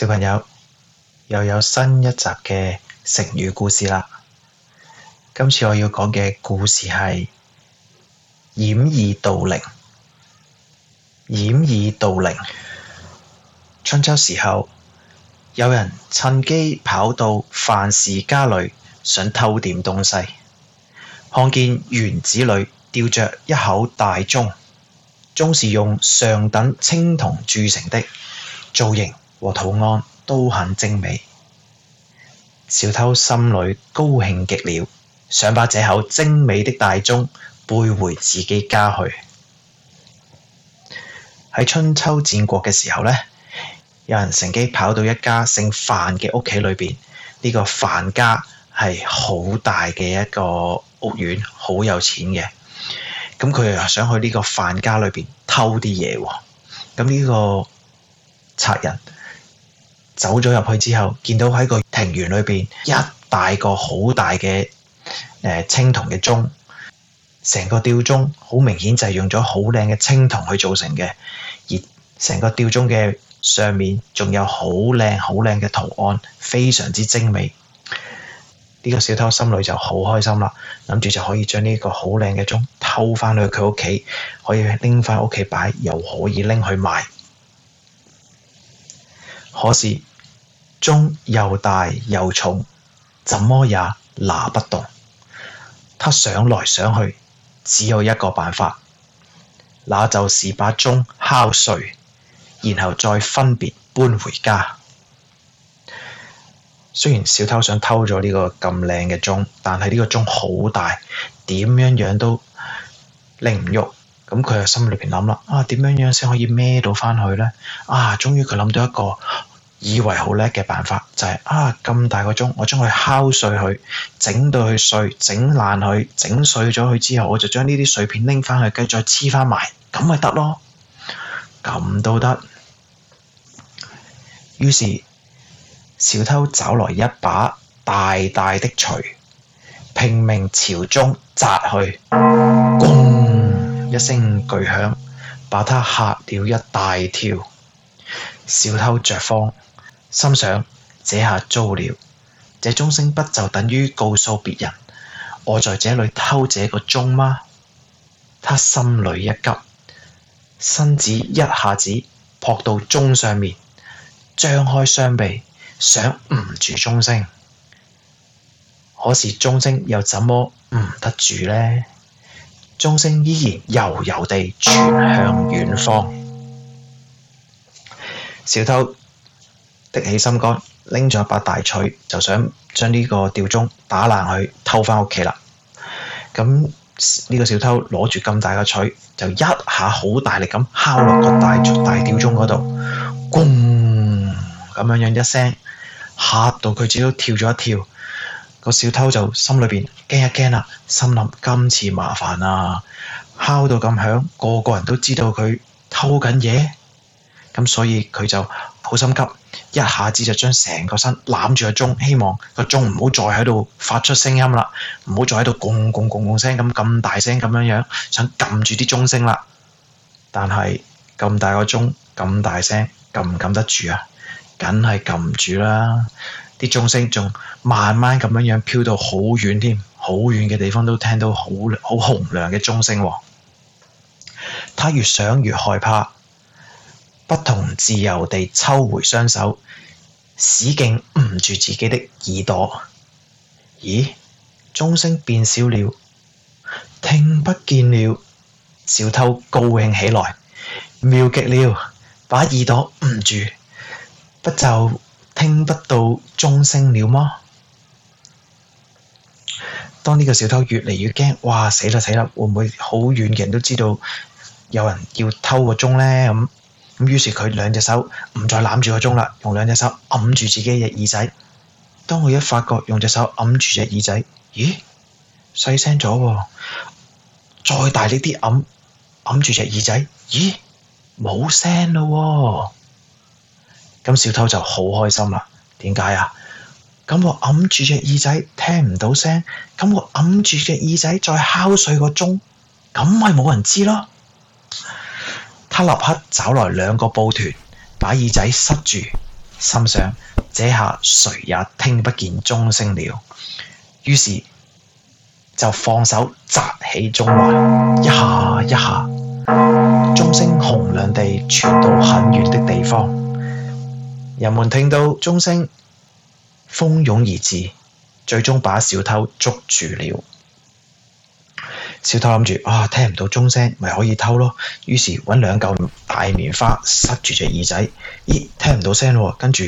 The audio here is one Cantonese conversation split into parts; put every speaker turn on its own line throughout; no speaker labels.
小朋友，又有新一集嘅成語故事啦。今次我要講嘅故事係掩耳盜鈴。掩耳盜鈴。春秋時候，有人趁機跑到范氏家裏，想偷點東西。看見園子裏吊着一口大鐘，鐘是用上等青銅鑄成的造型。和圖案都很精美，小偷心裏高興極了，想把這口精美的大鐘背回自己家去。喺春秋戰國嘅時候呢，有人乘機跑到一家姓范嘅屋企裏邊，呢個范家係好大嘅一個屋苑，好有錢嘅。咁佢又想去呢個范家裏邊偷啲嘢，咁呢個賊人。走咗入去之後，見到喺個庭園裏邊一大個好大嘅，誒青銅嘅鐘，成個吊鐘好明顯就係用咗好靚嘅青銅去做成嘅，而成個吊鐘嘅上面仲有好靚好靚嘅圖案，非常之精美。呢、這個小偷心裏就好開心啦，諗住就可以將呢個好靚嘅鐘偷返去佢屋企，可以拎返屋企擺，又可以拎去賣。可是，鐘又大又重，怎麼也拿不動。他想來想去，只有一個辦法，那就是把鐘敲碎，然後再分別搬回家。雖然小偷想偷咗呢個咁靚嘅鐘，但係呢個鐘好大，點樣樣都拎唔喐。咁佢就心裏邊諗啦，啊，點樣樣先可以孭到返去呢？啊，終於佢諗到一個。以為好叻嘅辦法就係、是、啊咁大個鐘，我將佢敲碎佢，整到佢碎，整爛佢，整碎咗佢之後，我就將呢啲碎片拎翻去，再黐翻埋，咁咪得咯，咁都得。於是小偷找來一把大大的錘，拼命朝鐘砸去，一聲巨響，把他嚇了一大跳。小偷着慌。心想：這下糟了，這鐘聲不就等於告訴別人，我在這裡偷這個鐘嗎？他心裏一急，身子一下子撲到鐘上面，張開雙臂想捂住鐘聲。可是鐘聲又怎麼捂得住呢？鐘聲依然悠悠地傳向遠方。小 偷。拎咗一把大錘，就想將呢個吊鐘打爛佢偷返屋企啦。咁呢個小偷攞住咁大嘅錘，就一下好大力咁敲落個大 大吊鐘嗰度，咁樣樣一聲，嚇到佢只都跳咗一跳。個小偷就心裏邊驚一驚啦，心諗今次麻煩啦，啊，敲到咁響，個個人都知道佢偷緊嘢，咁所以佢就。好心急，一下子就將成個身攬住個鐘，希望個鐘唔好再喺度發出聲音啦，唔好再喺度唝唝唝唝聲咁咁大聲咁樣樣，想撳住啲鐘聲啦。但係咁大個鐘咁大聲，撳唔撳得住啊？梗係撳唔住啦，啲鐘聲仲慢慢咁樣樣飄到好遠添，好遠嘅地方都聽到好好洪亮嘅鐘聲喎。他越想越害怕。不同自由地抽回雙手，使勁捂住自己的耳朵。咦？鐘聲變小了，聽不見了。小偷高興起來，妙極了！把耳朵捂住，不就聽不到鐘聲了嗎？當呢個小偷越嚟越驚，哇！死啦死啦！會唔會好遠嘅人都知道有人要偷個鐘呢？咁？咁於是佢兩隻手唔再攬住個鐘啦，用兩隻手揞住自己隻耳仔。當佢一發覺用隻手揞住隻耳仔，咦，細聲咗喎！再大力啲揞揞住隻耳仔，咦，冇聲咯！咁小偷就好開心啦。點解啊？咁我揞住隻耳仔聽唔到聲，咁我揞住隻耳仔再敲碎個鐘，咁咪冇人知咯～他立刻找來兩個布團，把耳仔塞住，心想：這下誰也聽不見鐘聲了。於是就放手砸起鐘來，一下一下，鐘聲洪亮地傳到很遠的地方。人們聽到鐘聲，蜂擁而至，最終把小偷捉住了。小偷諗住，啊，聽唔到鐘聲，咪可以偷咯。於是揾兩嚿大棉花塞住隻耳仔，咦，聽唔到聲，跟住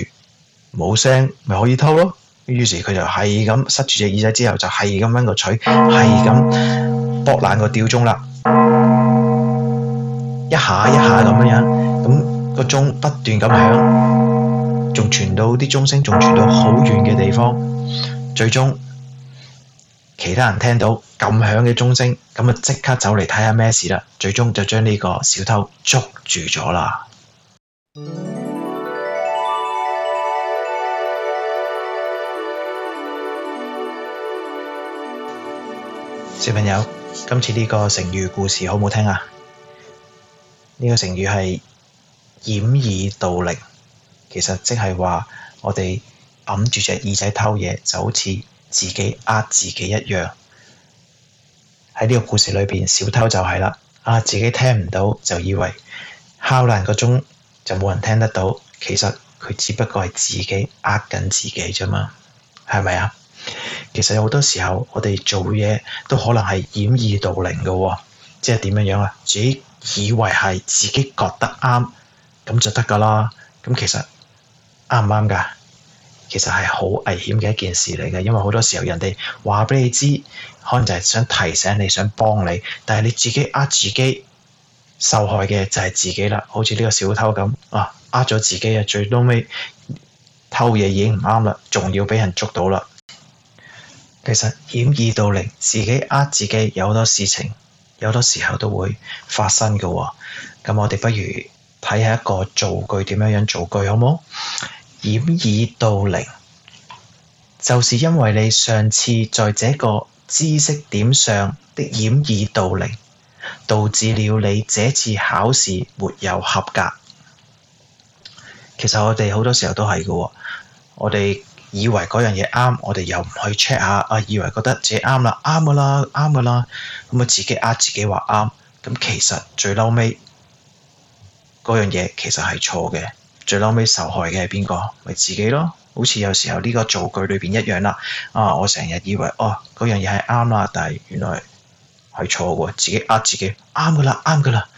冇聲，咪可以偷咯。於是佢就係咁塞住隻耳仔之後，就係咁搵個錘，係咁搏爛個吊鐘啦，一下一下咁樣，咁個鐘不斷咁響，仲傳到啲鐘聲，仲傳到好遠嘅地方，最終。其他人聽到咁響嘅鐘聲，咁啊即刻走嚟睇下咩事啦。最終就將呢個小偷捉住咗啦。 小朋友，今次呢個成語故事好唔好聽啊？呢個成語係掩耳盜鈴，其實即係話我哋揞住隻耳仔偷嘢，就好似～自己呃自己一樣，喺呢個故事裏邊，小偷就係啦，啊自己聽唔到就以為敲爛個鐘就冇人聽得到，其實佢只不過係自己呃緊自己啫嘛，係咪啊？其實好多時候我哋做嘢都可能係掩耳盜鈴㗎，即係點樣樣啊？自己以為係自己覺得啱咁就得㗎啦，咁其實啱唔啱㗎？合其實係好危險嘅一件事嚟嘅，因為好多時候人哋話俾你知，可能就係想提醒你、想幫你，但係你自己呃自己受害嘅就係自己啦。好似呢個小偷咁啊，呃咗自己啊，最到尾偷嘢已經唔啱啦，仲要俾人捉到啦。其實掩耳盜鈴，自己呃自己有好多事情，有好多時候都會發生嘅。咁我哋不如睇下一個造句點樣樣造句好冇？掩耳盜鈴，就是因為你上次在這個知識點上的掩耳盜鈴，導致了你這次考試沒有合格。其實我哋好多時候都係嘅，我哋以為嗰樣嘢啱，我哋又唔去 check 下，啊以為覺得自己啱啦，啱嘅啦，啱嘅啦，咁啊自己呃自己話啱，咁其實最嬲尾嗰樣嘢其實係錯嘅。最嬲尾受害嘅係邊個？咪、就是、自己咯。好似有時候呢個造句裏邊一樣啦。啊，我成日以為哦嗰樣嘢係啱啦，但係原來係錯嘅，自己呃自己，啱噶啦，啱噶啦，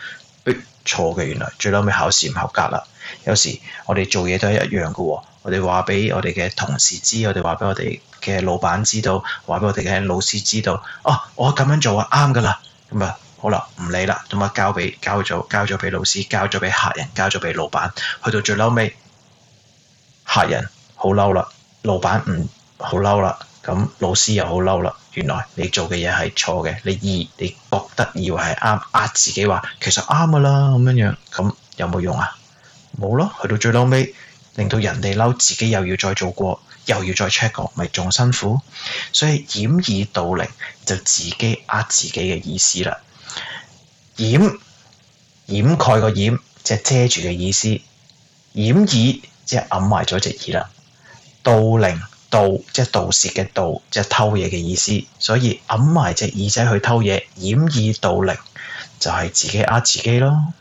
逼錯嘅原來。最嬲尾考試唔合格啦。有時我哋做嘢都係一樣噶。我哋話俾我哋嘅同事知，我哋話俾我哋嘅老闆知道，話俾我哋嘅老師知道。哦，我咁樣做啊啱噶啦，咁啊。好啦，唔理啦，咁啊交俾交咗，交咗俾老師，交咗俾客人，交咗俾老闆，去到最嬲尾，客人好嬲啦，老闆唔好嬲啦，咁老師又好嬲啦。原來你做嘅嘢係錯嘅，你二，你覺得以為係啱，呃自己話其實啱噶啦，咁樣樣，咁有冇用啊？冇咯，去到最嬲尾，令到人哋嬲，自己又要再做過，又要再 check 過，咪仲辛苦。所以掩耳盜鈴，就自己呃自己嘅意思啦。掩掩蓋個掩，即係遮住嘅意思；掩耳即係掩埋咗隻耳啦。盜鈴，盜即係盜竊嘅盜，即係偷嘢嘅意思。所以掩埋隻耳仔去偷嘢，掩耳盜鈴，就係、是、自己呃自己咯。